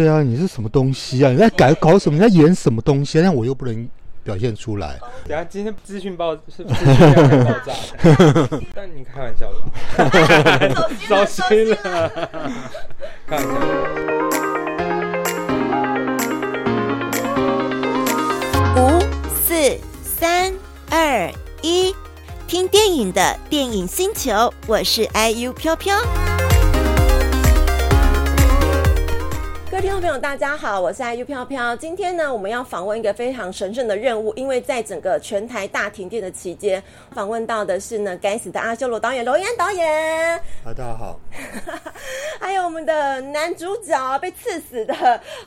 對啊，你是什麼東西啊？你在改搞什麼？你在演什麼東西、啊？但我又不能表現出來。等下今天資訊爆，是不是？ 但你開玩笑的，傷 心、啊、了。開玩笑看看。五四三二一，聽電影的電影星球，我是 IU 飄飄。各位聽眾朋友，大家好，我是愛又飄飄。今天呢，我們要訪問一個非常神聖的任務，因為在整個全台大停電的期間，訪問到的是呢，該死的阿修羅導演，樓一安導演。啊，大家好。 還有我們的男主角被刺死的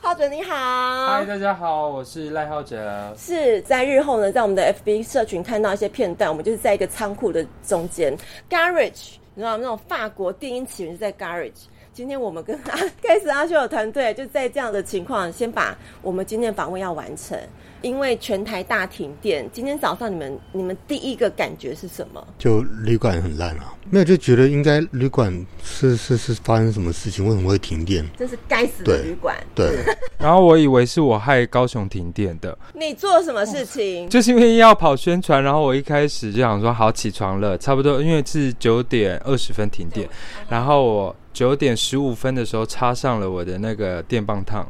浩哲，你好。嗨，大家好，我是賴浩哲。是在日後呢，在我們的 FB 社群看到一些片段，我們就是在一個倉庫的中間，garage，你知道那種法國電音起源是在 garage。今天我們跟啊該死的阿修羅的團隊就在這樣的情況，先把我們今天訪問要完成。因為全台大停電，今天早上你們你們第一個感覺是什麼？就旅館很爛啊，沒有就覺得應該旅館是是是發生什麼事情，為什麼會停電？這是該死的旅館。對，對 然後我以為是我害高雄停電的。你做什麼事情？ 就是因為要跑宣傳，然後我一開始就想說好起床了，差不多因為是九點二十分停電，然後我。九點十五分的時候插上了我的那個電棒燙，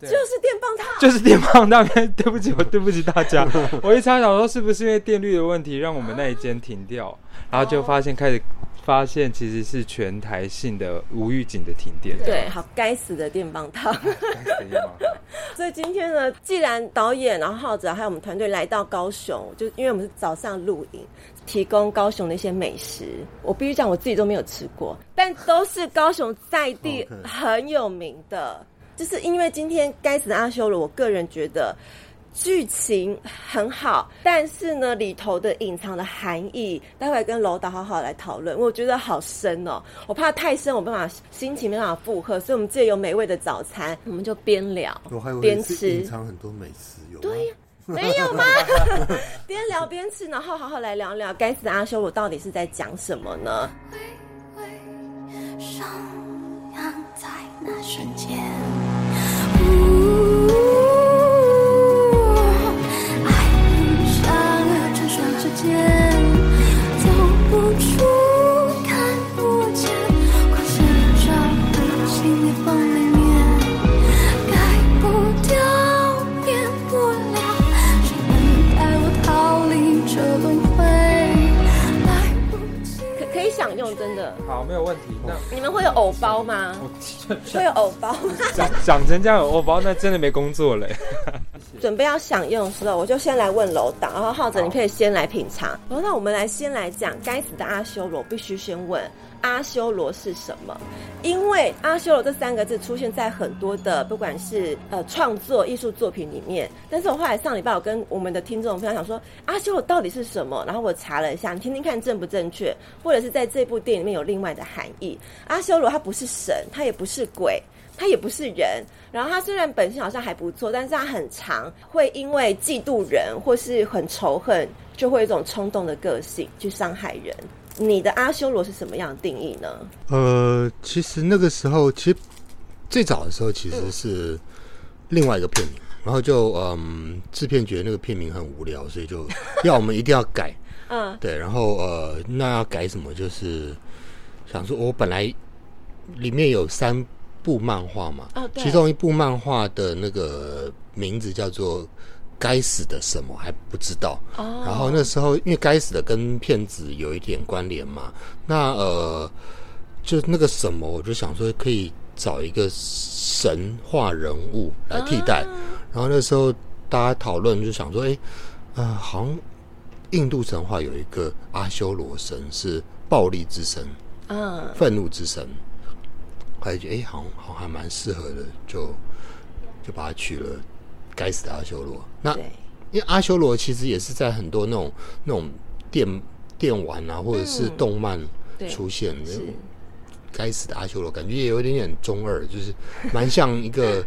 就是電棒燙，就是電棒燙。對不起， 我對不起大家。 我一插上，想說是不是因為電率的問題，讓我們那一間停掉，啊，然後就發現開始發現其實是全台性的無預警的停電。對，好，該死的電棒燙。 棒 所以今天呢，既然導演、然後澔哲然後還有我們團隊來到高雄，就因為我們是早上錄影。提供高雄的一些美食，我必須講我自己都沒有吃過，但都是高雄在地很有名的。Okay. 就是因為今天《該死的阿修羅》，我個人覺得劇情很好，但是呢裡頭的隱藏的含義，待會兒跟樓導好好來討論。我覺得好深哦、喔，我怕太深，我沒辦法心情沒辦法負荷，所以我們這裡有美味的早餐，我們就邊聊邊吃，隱藏很多美食有。對啊。 沒有嗎？邊 聊邊吃，然後好好來聊聊，該死的阿修羅到底是在講什麼呢？回回上好，沒有問題。那你們會有偶包嗎？ 會有偶包嗎？講成這樣偶包，那真的沒工作嘞。 準備要享用的時候，我就先來問樓導，然後澔哲你可以先來品嘗。然後、哦，那我們來先來講該死的阿修羅，必須先問阿修羅是什麼，因為阿修羅這三個字出現在很多的不管是呃創作藝術作品裡面。但是我後來上禮拜我跟我們的聽眾非常想說阿修羅到底是什麼？然後我查了一下，你聽聽看正不正確，或者是在這部電影裡面有另外的含義。阿修羅它不是神，它也不是鬼。他也不是人，然後他雖然本性好像還不錯，但是他很常，會因為嫉妒人或是很仇恨，就會有一種衝動的個性去傷害人。你的阿修羅是什麼樣的定義呢？呃，其實那個時候，其實最早的時候其實是另外一個片名，嗯、然後就嗯、呃，制片覺得那個片名很無聊，所以就要我們一定要改。 嗯，對，然後呃，那要改什麼？就是想說我本來裡面有三。一部漫畫嘛，其中一部漫畫的那個名字叫做《該死的什麼》，還不知道。然後那時候，因為《該死的》跟騙子有一點關聯嘛，那呃，就那個什麼，我就想說可以找一個神話人物來替代。然後那時候大家討論，就想說，哎，呃，好像印度神話有一個阿修羅神，是暴力之神，嗯，憤怒之神。感覺哎、欸，好好還蠻適合的，就就把它取了，該死的阿修羅，那因為阿修羅其實也是在很多那種那種電電玩啊，或者是動漫出現的。嗯、該死的阿修羅，感覺也有點點中二，就是蠻像一個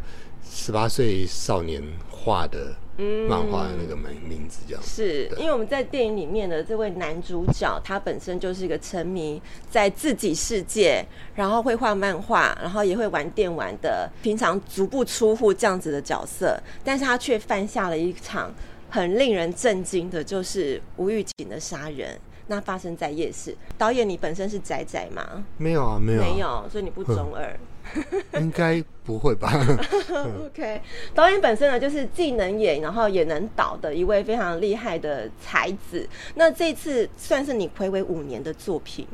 十八歲少年畫的。 漫畫的那個名名字叫、嗯，是因為我們在電影裡面的這位男主角，他本身就是一個沉迷在自己世界，然後會畫漫畫，然後也會玩電玩的，平常足不出戶這樣子的角色，但是他卻犯下了一場很令人震驚的，就是無預警的殺人。那發生在夜市。導演，你本身是宅宅嗎？沒有啊，沒有、啊，沒有，所以你不中二。應該不會吧 ？OK，導演本身呢，就是既能演，然後也能導的一位非常厲害的才子。那這次算是你暌違五年的作品。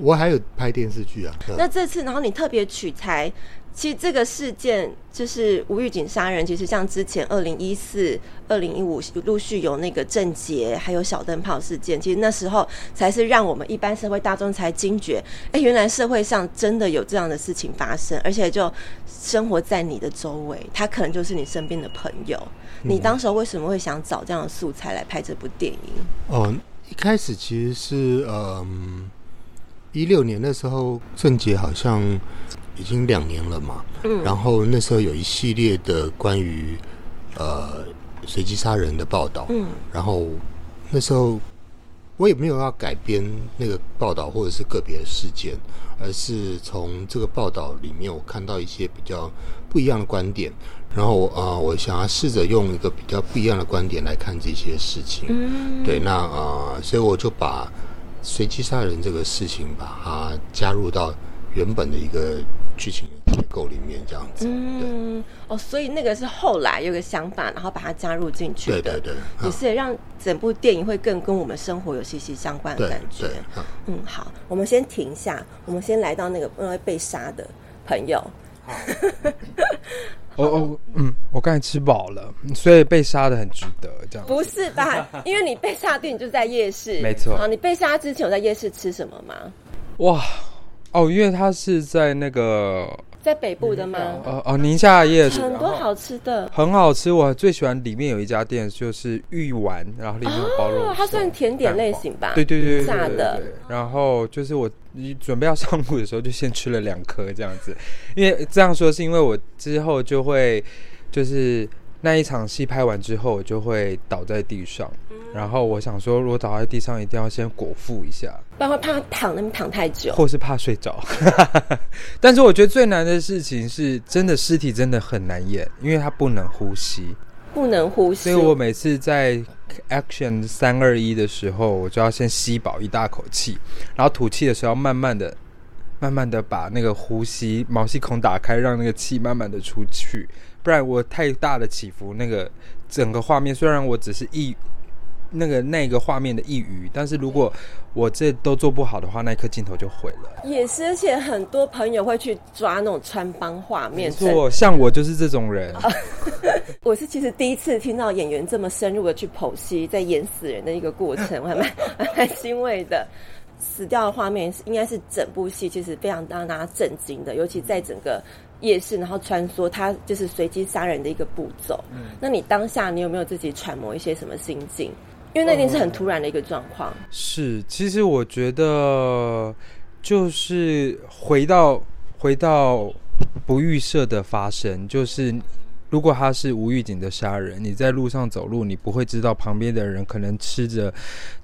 我還有拍電視劇啊。 那這次，然後你特別取材。其實這個事件就是無預警殺人，其實像之前二零一四、二零一五陸續有那個鄭捷還有小燈泡事件，其實那時候才是讓我們一般社會大眾才驚覺，哎、欸，原來社會上真的有這樣的事情發生，而且就生活在你的周圍，他可能就是你身邊的朋友、嗯。你當時候為什麼會想找這樣的素材來拍這部電影？哦，一開始其實是嗯，一六年的時候，鄭捷好像。已經兩年了嘛，嗯，然後那時候有一系列的關於呃隨機殺人的報道，嗯，然後那時候我也沒有要改編那個報道或者是個別的事件，而是從這個報道裡面我看到一些比較不一樣的觀點，然後啊、呃，我想要試着用一個比較不一樣的觀點來看這些事情，嗯、對，那啊、呃，所以我就把隨機殺人這個事情把它加入到原本的一個。劇情結構裡面這樣子，嗯，哦，所以那個是後來有個想法，然後把它加入進去，對對對，也是讓整部電影會更跟我們生活有息息相關的感覺。對對對，嗯，好，我們先停一下，我們先來到那個因為被殺的朋友。哦 哦，哦，嗯，我剛才吃飽了，所以被殺的很值得這樣。不是吧？因為你被殺的電影就是在夜市，沒錯。好，你被殺之前，有在夜市吃什麼嗎？哇。哦，因為它是在那個在北部的嗎？哦、呃、哦，寧夏夜市很多 yes, 好吃的，很好吃。我最喜歡裡面有一家店，就是芋丸，然後裡面有包肉，哦、它算甜點類型吧？對對對，對，對，對，對對對，炸的。然後就是我一準備要上路的時候，就先吃了兩顆這樣子。因為這樣說是因為我之後就會，就是那一場戲拍完之後，我就會倒在地上。然後我想說，如果倒在地上，一定要先果腹一下。不然會怕他躺那麼躺太久，或是怕睡着。 但是我覺得最難的事情是，真的屍體真的很難演，因為它不能呼吸，不能呼吸。所以我每次在 action 三二一的時候，我就要先吸飽一大口氣，然後吐氣的時候要慢慢地，慢慢的、慢慢的把那個呼吸毛細孔打開，讓那個氣慢慢的出去，不然我太大的起伏，那個整個畫面、嗯、雖然我只是一。那個那個畫面的一隅，但是如果我這都做不好的話，那一顆鏡頭就毀了。也是，而且很多朋友會去抓那種穿幫畫面。沒錯，像我就是這種人。哦、 我是其實第一次聽到演員這麼深入的去剖析在演死人的一個過程，我還蠻蠻欣慰的。 死掉的畫面應該是整部戲其實非常讓大家震驚的，尤其在整個夜市，然後穿梭，他就是隨機殺人的一個步驟。嗯，那你當下你有沒有自己揣摩一些什麼心境？因為那天是很突然的一個狀況。Oh, okay. 是，其實我覺得，就是回到回到不預設的發生，就是。如果他是無預警的殺人，你在路上走路，你不會知道旁邊的人可能吃着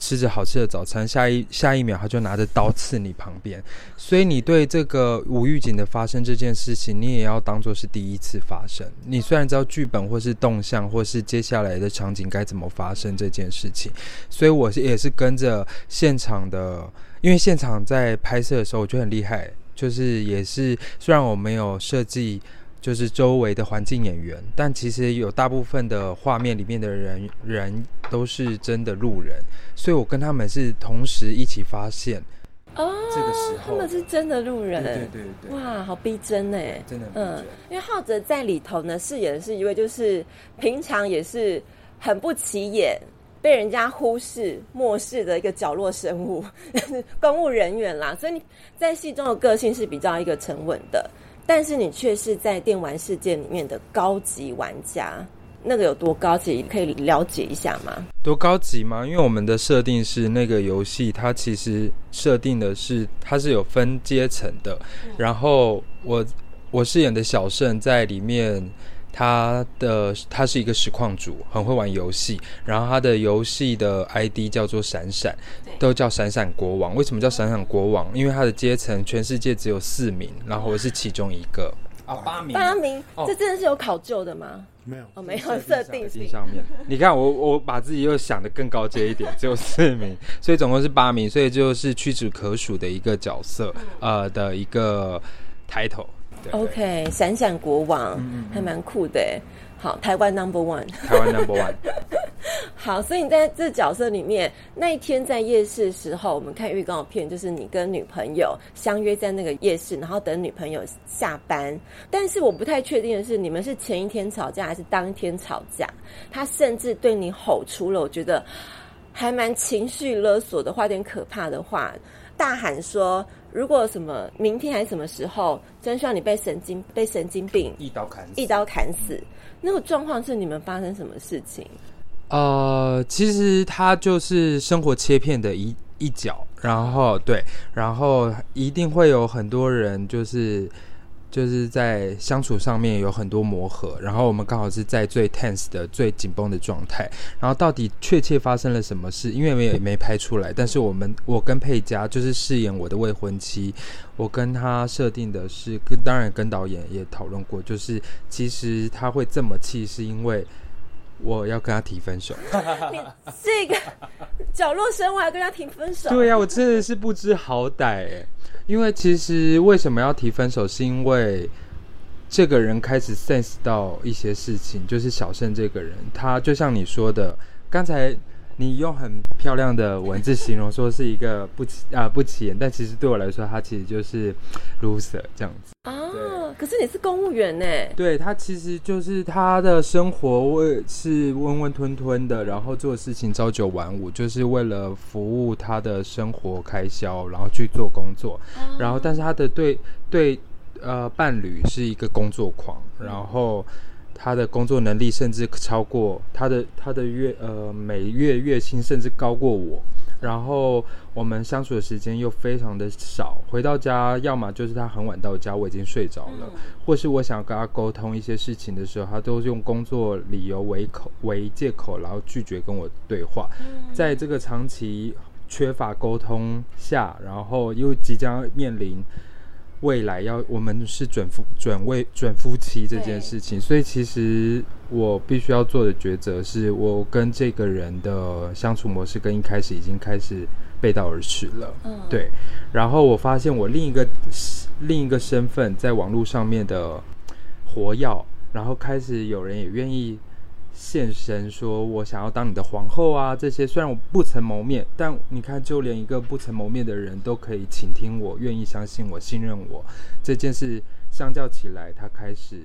吃着好吃的早餐，下一下一秒他就拿着刀刺你旁邊。所以你對這個無預警的發生這件事情，你也要當做是第一次發生。你雖然知道劇本或是動向或是接下來的場景該怎麼發生這件事情，所以我也是跟着現場的，因為現場在拍攝的時候我覺得很厲害，就是也是雖然我沒有設計。就是周圍的環境演員，但其實有大部分的畫面裡面的人人都是真的路人，所以我跟他們是同時一起發現哦，這個時候他們是真的路人，對對對對，哇，好逼真呢。真的真，嗯，因為浩哲在裡頭呢飾演的是一位就是平常也是很不起眼、被人家忽視、漠視的一個角落生物， 公務人員啦，所以你在戲中的個性是比較一個沉穩的。但是你卻是在電玩世界裡面的高級玩家，那個有多高級？可以了解一下嗎？多高級嗎？因為我們的設定是，那個遊戲它其實設定的是它是有分階層的，然後我我飾演的小勝在裡面。他的他是一個實況主，很會玩遊戲。然後他的遊戲的 ID 叫做閃閃，都叫閃閃國王。為什麼叫閃閃國王？因為他的階層全世界只有四名，然後我是其中一個。啊、哦，八名，八名、哦，這真的是有考究的嗎？沒有，哦，沒有設定下。上面，你看我，我把自己又想的更高階一點， 只有四名，所以總共是八名，所以就是屈指可數的一個角色， 呃的一個 title。對對 OK，閃閃國王，嗯嗯，還蠻酷的。好，台灣 Number One，台灣 Number One。 好，所以你在這角色裡面，那一天在夜市的時候，我們看預告片，就是你跟女朋友相約在那個夜市，然後等女朋友下班。但是我不太確定的是，你們是前一天吵架還是當天吵架？他甚至對你吼出了，我覺得還蠻情緒勒索的話，有點可怕的話，大喊說。如果什麼明天還是什麼時候，真需要你被神經被神經病一刀砍死一刀砍死，那個狀況是你們發生什麼事情？呃，其實它就是生活切片的一一角，然後對，然後一定會有很多人就是。就是在相處上面有很多磨合，然後我們剛好是在最 tense 的，最緊繃的狀態，然後到底確切發生了什麼事，因為沒沒拍出來，但是我們我跟佩佳就是飾演我的未婚妻，我跟她設定的是，跟當然跟導演也討論過，就是其實她會這麼氣是因為。我要跟他提分手， 你這個角落生物，我還要跟他提分手， 對呀、啊，我真的是不知好歹哎、欸。因為其實為什麼要提分手，是因為這個人開始 sense 到一些事情，就是小盛這個人，他就像你說的剛才。你用很漂亮的文字形容說是一個不起啊、 呃、不起眼，但其實對我來說，他其實就是 loser 這樣子。啊，對，可是你是公務員呢？對，他其實就是他的生活是溫溫吞吞的，然後做事情朝九晚五，就是為了服務他的生活開銷，然後去做工作。啊、然後，但是他的對對呃伴侶是一個工作狂，然後。他的工作能力甚至超過他的他的月呃每月月薪甚至高過我，然後我們相處的時間又非常的少，回到家要麼就是他很晚到家我已經睡着了，嗯、或是我想跟他溝通一些事情的時候，他都是用工作理由為口為借口，然後拒絕跟我對話、嗯，在這個長期缺乏溝通下，然後又即將面臨。未來要我們是準夫、準未、準夫妻，這件事情，所以其實我必須要做的抉擇是我跟這個人的相處模式跟一開始已經開始背道而馳了。嗯，對。然後我發現我另一個另一個身份在網絡上面的活躍，然後開始有人也願意。現身說：“我想要當你的皇後啊！”這些雖然我不曾謀面，但你看，就連一個不曾謀面的人都可以傾聽我，願意相信我，信任我。這件事相較起來，他開始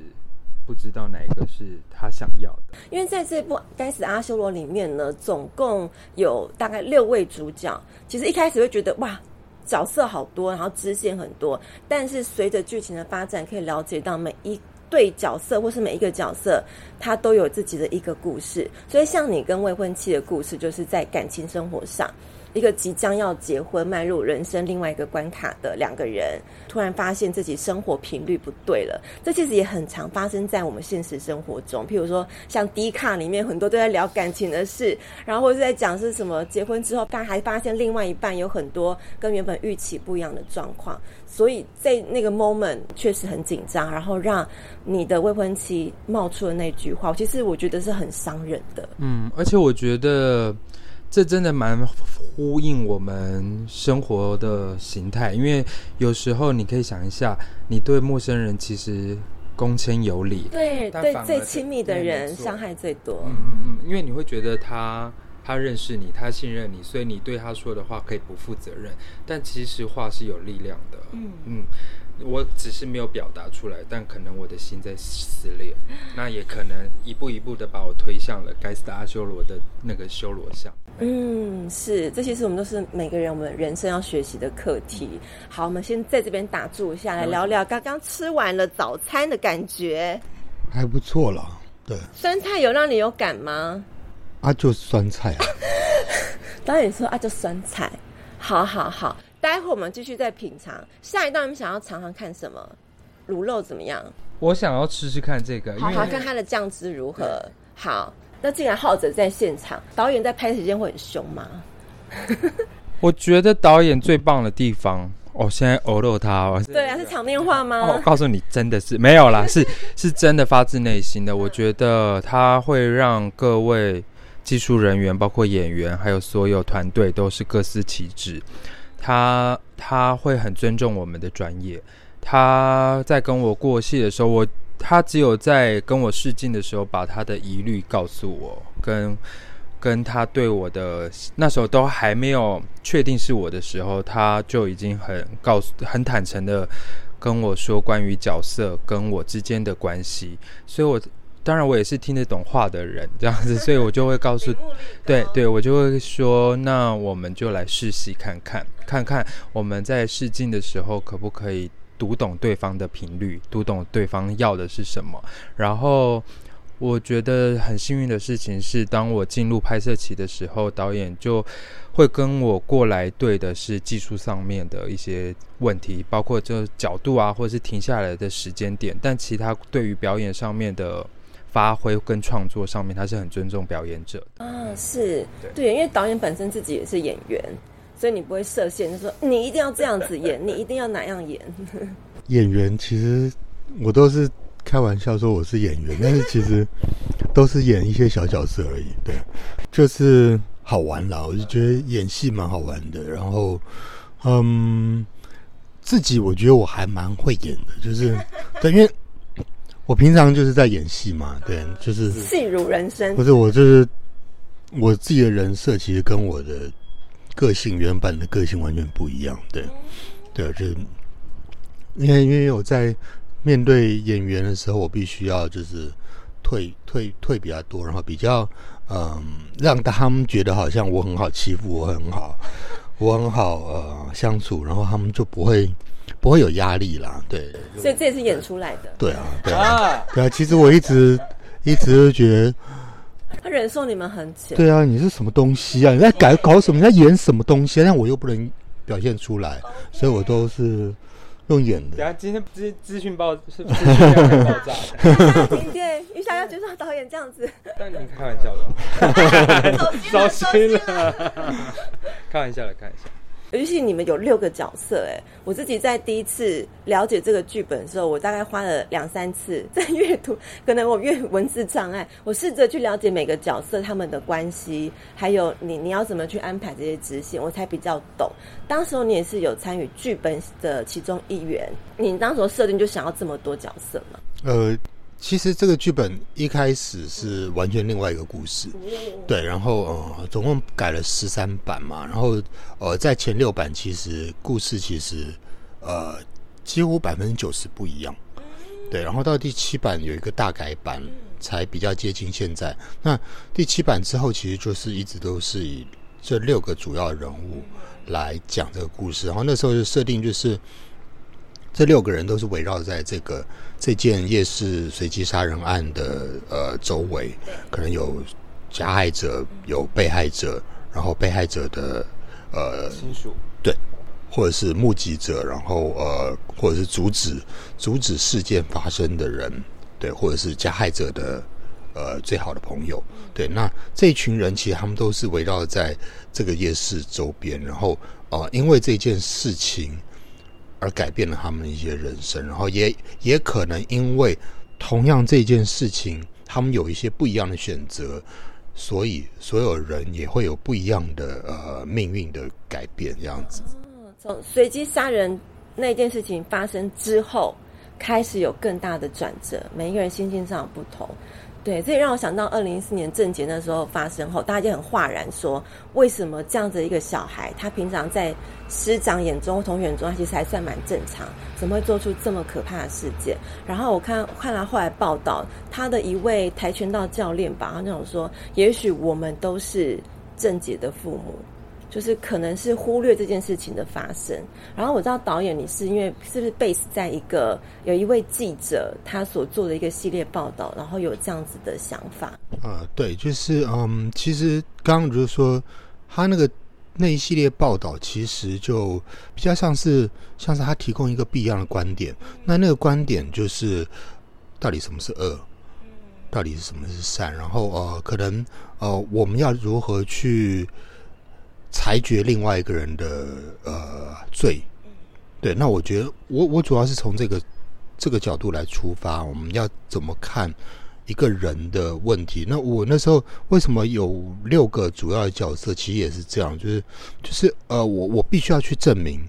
不知道哪一個是他想要的。因為在這部《該死的阿修羅》裡面呢，總共有大概六位主角。其實一開始會覺得哇，角色好多，然後支線很多。但是隨着劇情的發展，可以了解到每一對角色或是每一個角色，他都有自己的一個故事，所以像你跟未婚妻的故事，就是在感情生活上，一個即將要結婚、邁入人生另外一個關卡的兩個人，突然發現自己生活頻率不對了。這其實也很常發生在我們現實生活中，譬如說像 D 卡裡面很多都在聊感情的事，然後或者是在講是什麼結婚之後，大家還發現另外一半有很多跟原本預期不一樣的狀況，所以在那個 moment 確實很緊張，然後讓你的未婚妻冒出了那句。話其實我覺得是很傷人的。嗯，而且我覺得這真的蠻呼應我們生活的形態，因為有時候你可以想一下，你對陌生人其實恭謙有禮，對對，最親密的人傷害最多。嗯嗯嗯，因為你會覺得他他認識你，他信任你，所以你對他說的話可以不負責任，但其實話是有力量的。嗯嗯。我只是沒有表達出來，但可能我的心在撕裂，那也可能一步一步的把我推向了該死的阿修羅的那個修羅像。嗯，是這些是我們都是每個人我們人生要學習的課題。好，我們先在這邊打住一下，來聊聊剛剛吃完了早餐的感覺，還不錯了。對，酸菜有讓你有感嗎？阿、啊、就是、酸菜、啊， 導演說阿、啊、就酸菜，好好好。待會我們繼續再品嘗下一道，你們想要嘗嘗看什麼？滷肉怎麼樣？我想要吃吃看這個，好好看它的醬汁如何。好，那既然澔哲在現場，導演在拍時間會很凶嗎？ 我覺得導演最棒的地方，我先毆肉他。對啊，是場面話嗎？我、 哦、告訴你，真的是沒有啦，是是真的發自內心的。 我覺得他會讓各位技術人員，包括演員，還有所有團隊，都是各司其職。他他會很尊重我們的專業。他在跟我過戲的時候，我他只有在跟我試鏡的時候，把他的疑慮告訴我，跟跟他對我的那時候都還沒有確定是我的時候，他就已經很告訴很坦誠的跟我說關於角色跟我之間的關係，所以，我。當然，我也是聽得懂話的人，這樣子，所以我就會告訴， 對對，我就會說，那我們就來試戲看看，看看我們在試鏡的時候可不可以讀懂對方的頻率，讀懂對方要的是什麼。然後我覺得很幸運的事情是，當我進入拍攝期的時候，導演就會跟我過來對的是技術上面的一些問題，包括這角度啊，或者是停下來的時間點。但其他對於表演上面的。發揮跟創作上面，他是很尊重表演者的啊，是對，因為導演本身自己也是演員，所以你不會設限，就說你一定要這樣子演，對對對對，你一定要哪樣演。演員，其實我都是開玩笑說我是演員， 但是其實都是演一些小角色而已。對，就是好玩啦，我就覺得演戲蠻好玩的。然後，嗯，自己我覺得我還蠻會演的，就是對，因為。我平常就是在演戲嘛，對，就是戲如人生。不是，我就是我自己的人設，其實跟我的個性、原本的個性完全不一樣。對，對，就是因為因為我在面對演員的時候，我必須要就是退退退比較多，然後比較嗯、呃，讓他們覺得好像我很好欺負，我很好，我很好呃相處，然後他們就不會。不會有壓力啦，對。所以這也是演出來的。對啊，對啊，啊對啊。其實我一直 一直都覺得，他忍受你們很久。對啊，你是什麼東西啊？你在改搞什麼？你在演什麼東西？那我又不能表現出來，okay. 所以我都是用演的。等下今天是資,資訊報，是不是要爆炸的？要介紹導演這樣子、嗯。但你開玩笑的。糟、 啊、心了。開玩笑的，開玩笑。尤其你們有六個角色、欸，誒我自己在第一次了解這個劇本的時候，我大概花了兩三次在閱讀，可能我閱文字障礙，我試着去了解每個角色他們的關係，還有你你要怎麼去安排這些執行，我才比較懂。當時候你也是有參與劇本的其中一員，你當時候設定就想要這麼多角色嗎？呃。其實這個劇本一開始是完全另外一個故事，對，然後呃，總共改了十三版嘛，然後呃，在前六版其實故事其實呃幾乎百分之九十不一樣，對，然後到第七版有一個大改版才比較接近現在。那第七版之後其實就是一直都是以這六個主要人物來講這個故事，然後那時候就設定就是這六個人都是圍繞在這個。這件夜市隨機殺人案的呃周圍，可能有加害者、有被害者，然後被害者的呃親屬，對，或者是目擊者，然後呃或者是阻止阻止事件發生的人，對，或者是加害者的呃最好的朋友，對，那這群人其實他們都是圍繞在這個夜市周邊，然後呃因為這件事情。而改變了他們的一些人生，然後也也可能因為同樣這件事情，他們有一些不一樣的選擇，所以所有人也會有不一樣的呃命運的改變。這樣子，嗯、哦，從隨機殺人那件事情發生之後，開始有更大的轉折。每一個人心境上有不同。對，這也讓我想到二零一四年鄭捷那時候發生後，大家就很嘩然說，為什麼這樣子一個小孩，他平常在師長眼中、同學眼中，他其實還算蠻正常，怎麼會做出這麼可怕的事件？然後我看我看他後來報道，他的一位跆拳道教練吧，他那種說，也許我們都是鄭捷的父母。就是可能是忽略這件事情的發生，然後我知道導演你是因為是不是 base 在一個有一位記者他所做的一個系列報道，然後有這樣子的想法、呃。啊，對，就是嗯，其實剛剛就是說他那個那一系列報道，其實就比較像是像是他提供一個不一樣的觀點。那那個觀點就是到底什麼是惡，到底是什麼是善，然後呃，可能呃，我們要如何去？裁決另外一個人的呃罪，對，那我覺得我我主要是從這個這個角度來出發，我們要怎麼看一個人的問題？那我那時候為什麼有六個主要的角色？其實也是這樣，就是就是呃，我我必須要去證明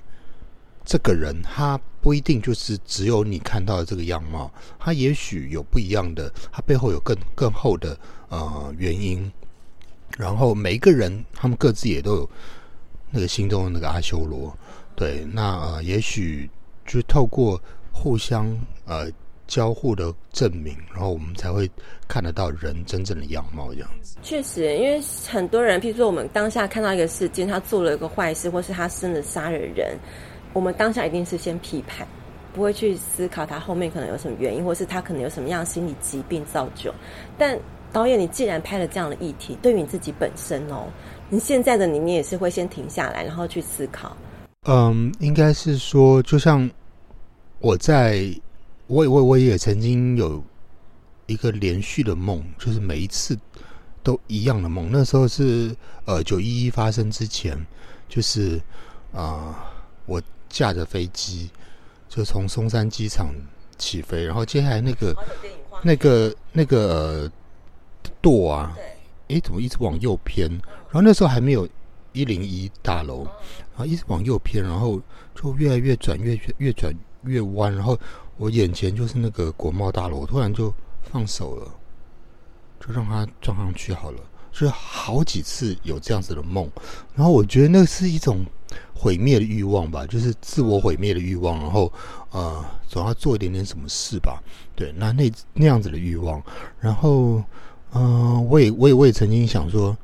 這個人他不一定就是只有你看到的這個樣貌，他也許有不一樣的，他背後有更更厚的呃原因。然後每一個人，他們各自也都有那個心中的那個阿修羅，對，那呃，也許就透過互相呃交互的證明，然後我們才會看得到人真正的樣貌這樣。確實，因為很多人，譬如說我們當下看到一個事件，他做了一個壞事，或是他生了，殺了人，我們當下一定是先批判，不會去思考他後面可能有什麼原因，或是他可能有什麼樣心理疾病造就，但。導演，你既然拍了這樣的議題，對於你自己本身哦，你現在的你，你也是會先停下來，然後去思考。嗯，應該是說，就像我在，我我我也曾經有一個連續的夢，就是每一次都一樣的夢。那時候是呃九一一發生之前，就是啊、呃，我駕着飛機就從松山機場起飛，然後接下來那個那個那個。那個呃做啊！誒，怎麼一直往右偏？然後那時候還沒有一零一大樓，後、啊、一直往右偏，然後就越來越轉越，越越轉越彎。然後我眼前就是那個國貿大樓，突然就放手了，就讓它撞上去好了。就是、好幾次有這樣子的夢，然後我覺得那是一種毀滅的慾望吧，就是自我毀滅的慾望。然後，呃，總要做一點點什麼事吧。對，那那那樣子的慾望，然後。嗯、呃，我也我也我也曾經想說，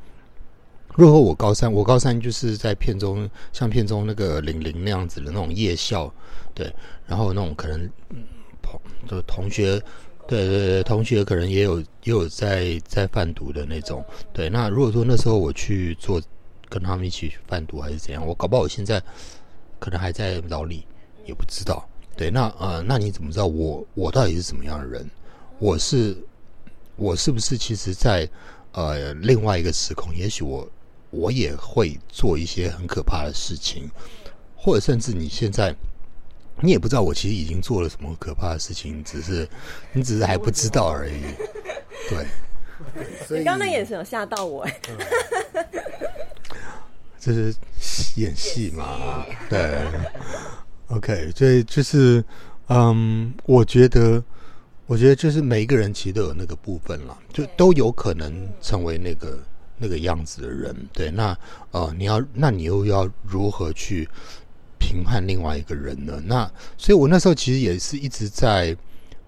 如果我高三，我高三就是在片中像片中那個玲玲那樣子的那種夜校，對，然後那種可能同、嗯，就同學，對，對對對，同學可能也有也有在在販毒的那種，對。那如果說那時候我去做跟他們一起販毒還是怎樣，我搞不好我現在可能還在牢裡，也不知道。對，那呃，那你怎麼知道我我到底是怎麼樣的人？我是。我是不是其實在，在呃另外一個時空，也許我我也會做一些很可怕的事情，或者甚至你現在你也不知道，我其實已經做了什麼可怕的事情，只是你只是還不知道而已。 對，你剛那眼神有嚇到我。這、嗯就是演戲嘛演戲。對。OK，所以就是嗯，我覺得。我覺得就是每一個人其實都有那個部分了，就都有可能成為那個那個樣子的人。對，那呃，你要，那你又要如何去評判另外一個人呢？那所以，我那時候其實也是一直在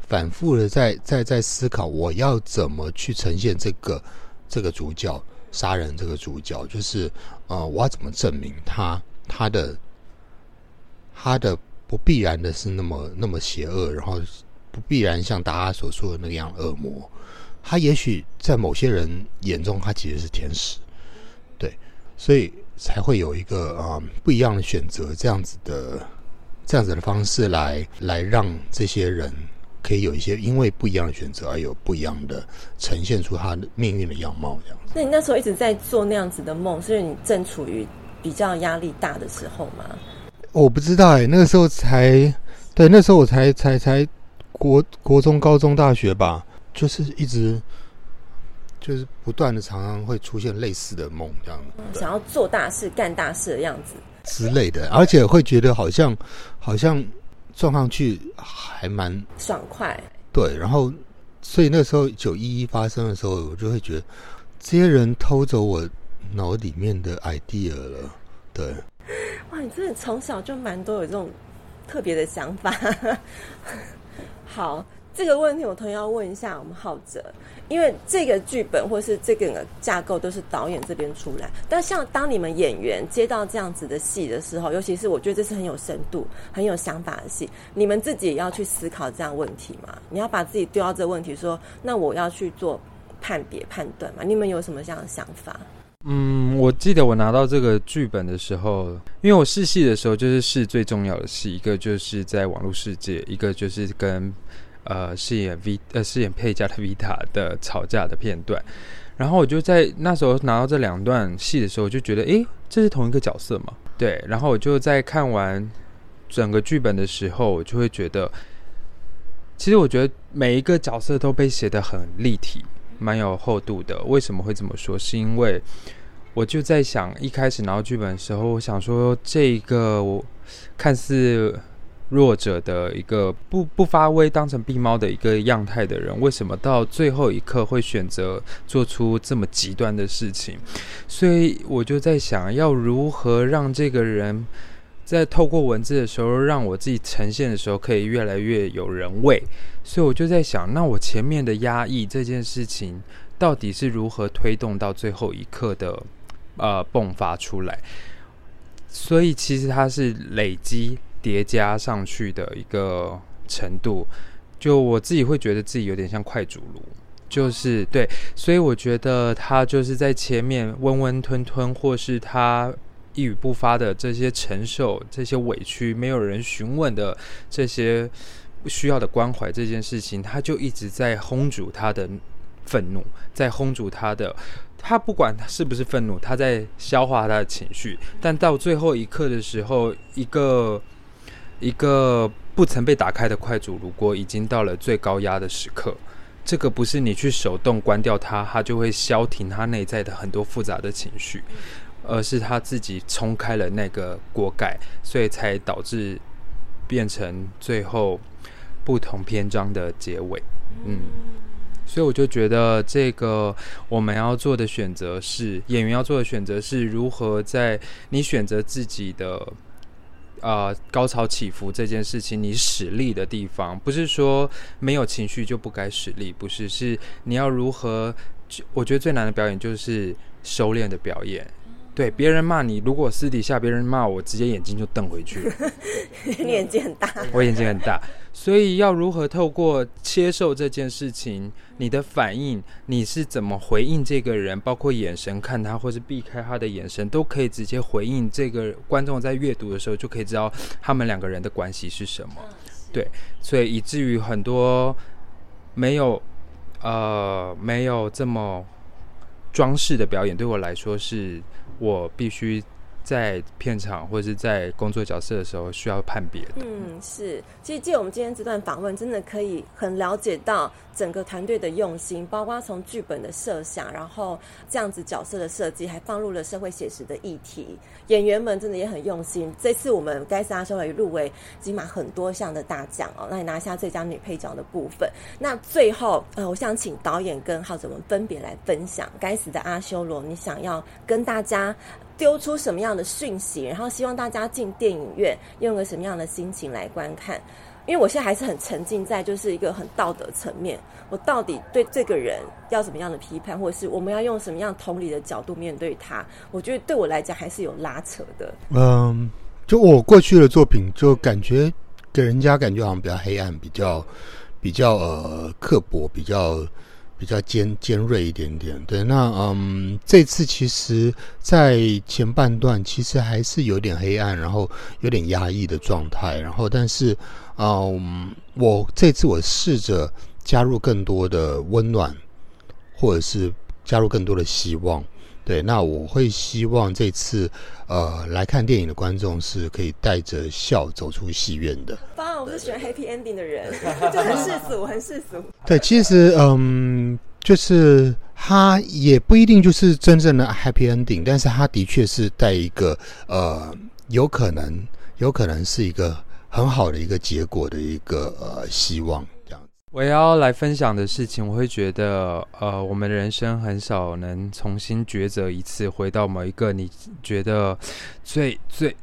反覆的在在在思考，我要怎麼去呈現這個這個主角殺人這個主角，就是呃，我要怎麼證明他他的他的不必然的是那麼那麼邪惡，然後。不必然像大家所說的那樣惡魔，他也許在某些人眼中，他其實是天使，對，所以才會有一個啊、嗯、不一樣的選擇，這樣子的，這樣子的方式來來讓這些人可以有一些因為不一樣的選擇而有不一樣的呈現出他命運的樣貌這樣子。那你那時候一直在做那樣子的夢，所以你正處於比較壓力大的時候嗎？我不知道哎、欸，那個時候才，對，那時候我才才才。才國國中、高中、大學吧，就是一直，就是不斷的，常常會出現類似的夢，這樣想要做大事、幹大事的樣子之類的，而且會覺得好像，好像撞上去還蠻爽快。對，然後，所以那時候九一一發生的時候，我就會覺得，這些人偷走我腦裡面的 idea 了。對，哇，你真的從小就蠻多有這種特別的想法。 好，這個問題我同樣要問一下我們澔哲，因為這個劇本或是這個架構都是導演這邊出來，但像當你們演員接到這樣子的戲的時候，尤其是我覺得這是很有深度、很有想法的戲，你們自己也要去思考這樣的問題嘛？你要把自己丟到這個問題說，說那我要去做判別、判斷嘛？你們有什麼這樣的想法？嗯，我記得我拿到這個劇本的時候，因為我試戲的時候就是試最重要的戲，一個就是在網絡世界，一個就是跟呃飾演 V 呃飾演佩嘉的 Vita 的吵架的片段。然後我就在那時候拿到這兩段戲的時候，我就覺得誒、欸，這是同一個角色嘛？對。然後我就在看完整個劇本的時候，我就會覺得，其實我覺得每一個角色都被寫得很立體。蠻有厚度的。為什麼會這麼說？是因為我就在想，一開始拿到劇本的時候，我想說，這個我看似弱者的一個不不發威、當成病貓的一個樣態的人，為什麼到最後一刻會選擇做出這麼極端的事情？所以我就在想要如何讓這個人。在透過文字的時候，讓我自己呈現的時候，可以越來越有人味。所以我就在想，那我前面的壓抑這件事情，到底是如何推動到最後一刻的，呃，迸發出來？所以其實它是累積疊加上去的一個程度。就我自己會覺得自己有點像快煮爐，就是對。所以我覺得他就是在前面溫溫吞吞，或是他。一語不發的這些承受、這些委屈、沒有人詢問的這些不需要的關懷，這件事情，他就一直在轟煮他的憤怒，在轟煮他的。他不管他是不是憤怒，他在消化他的情緒。但到最後一刻的時候，一個一個不曾被打開的快煮爐鍋已經到了最高壓的時刻。這個不是你去手動關掉它，它就會消停。他內在的很多複雜的情緒。而是他自己衝開了那個鍋蓋，所以才導致變成最後不同篇章的結尾。嗯，所以我就覺得這個我們要做的選擇是演員要做的選擇是如何在你選擇自己的啊、呃、高潮起伏這件事情你使力的地方，不是說沒有情緒就不該使力，不是，是你要如何？我覺得最難的表演就是收斂的表演。對，別人罵你，如果私底下別人罵我，我直接眼睛就瞪回去了 你眼睛很大，我眼睛很大，所以要如何透過接受這件事情， 你的反應，你是怎麼回應這個人，包括眼神看他，或是避開他的眼神，都可以直接回應。這個觀眾在閱讀的時候就可以知道他們兩個人的關係是什麼。對，所以以至於很多沒有呃沒有這麼裝飾的表演，對我來說是。我必須。在片場或者是在工作角色的時候需要判別。嗯，是。其實借我們今天這段訪問，真的可以很了解到整個團隊的用心，包括從劇本的設想，然後這樣子角色的設計，還放入了社會寫實的議題。演員們真的也很用心。這次我們《該死阿修羅》也入圍起碼很多項的大獎哦，那你拿下最佳女配角的部分。那最後，呃，我想請導演跟澔哲們分別來分享《該死的阿修羅》，你想要跟大家。丟出什麼樣的訊息，然後希望大家進電影院用個什麼樣的心情來觀看？因為我現在還是很沉浸在就是一個很道德層面，我到底對這個人要什麼樣的批判，或者是我們要用什麼樣同理的角度面對他？我覺得對我來講還是有拉扯的。嗯，就我過去的作品，就感覺給人家感覺好像比較黑暗，比較比較呃刻薄，比較。比較尖尖銳一點點，對，那嗯，這次其實，在前半段其實還是有點黑暗，然後有點壓抑的狀態，然後但是，嗯，我這次我試着加入更多的溫暖，或者是加入更多的希望。對，那我會希望這次，呃，來看電影的觀眾是可以帶着笑走出戲院的。當然，我是喜歡 happy ending 的人， 就很世俗，很世俗。對，其實，嗯，就是他也不一定就是真正的 happy ending，但是他的確是帶一個，呃，有可能，有可能是一個很好的一個結果的一個，呃，希望。我要來分享的事情，我會覺得，呃，我們人生很少能重新抉擇一次，回到某一個你覺得最最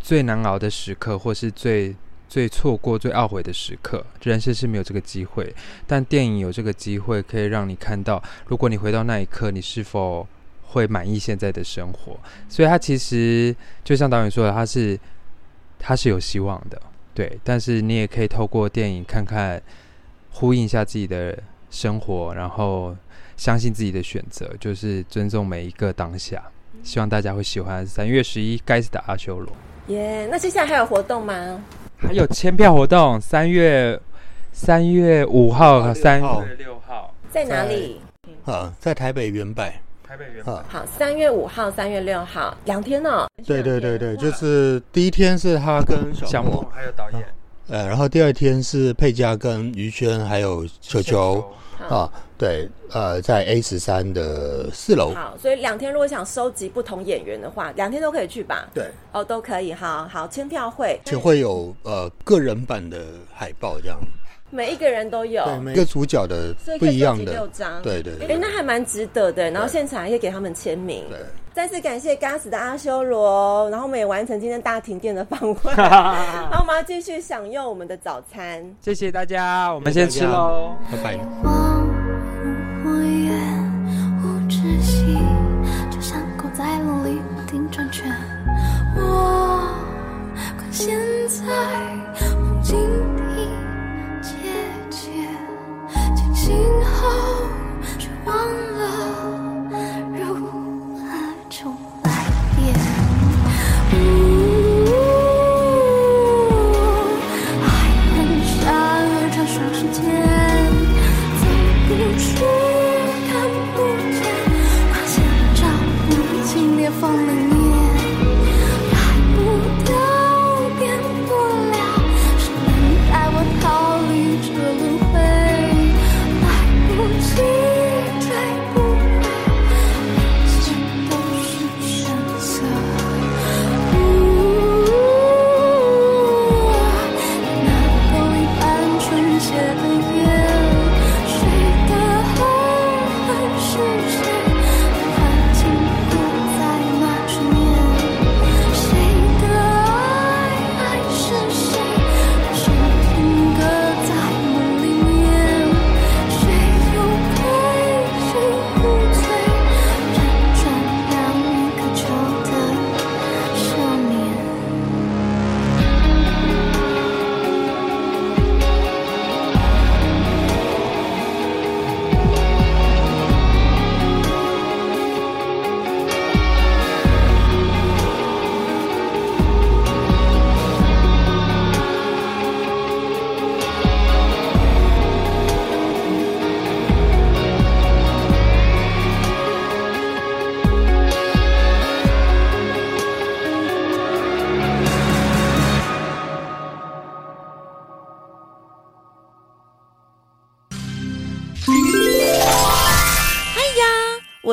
最難熬的時刻，或是最最錯過、最懊悔的時刻。人生是沒有這個機會，但電影有這個機會，可以讓你看到，如果你回到那一刻，你是否會滿意現在的生活？所以，它其實就像導演說的，它是它是有希望的，對。但是，你也可以透過電影看看。呼應一下自己的生活，然後相信自己的選擇，就是尊重每一個當下。希望大家會喜歡三月十一該死的阿修羅。耶、yeah,！那接下來還有活動嗎？還有簽票活動，三月三月五號和三月六號, 3, 號在哪裡？啊，在台北遠百台北遠百、啊、好。三月五號、三月六號兩天呢、哦？對對對對，就是第一天是他跟小莫還、啊、有導演。啊呃、嗯，然後第二天是佩嘉跟於軒還有球球、球、球啊，對，呃，在 A 十三的四樓。好，所以兩天如果想收集不同演員的話，兩天都可以去吧。對，哦，都可以哈。好，簽票會，就會有呃個人版的海報這樣，每一個人都有對，每一個主角的以以不一樣的六張，對對、對、對。哎，那還蠻值得的。然後現場還可以給他們簽名。對。對再次感謝該死的阿修羅，哦，然後我們也完成今天大停電的訪問。好， 然後我們要繼續享用我們的早餐。 謝謝大家，我們先吃嘍，拜拜。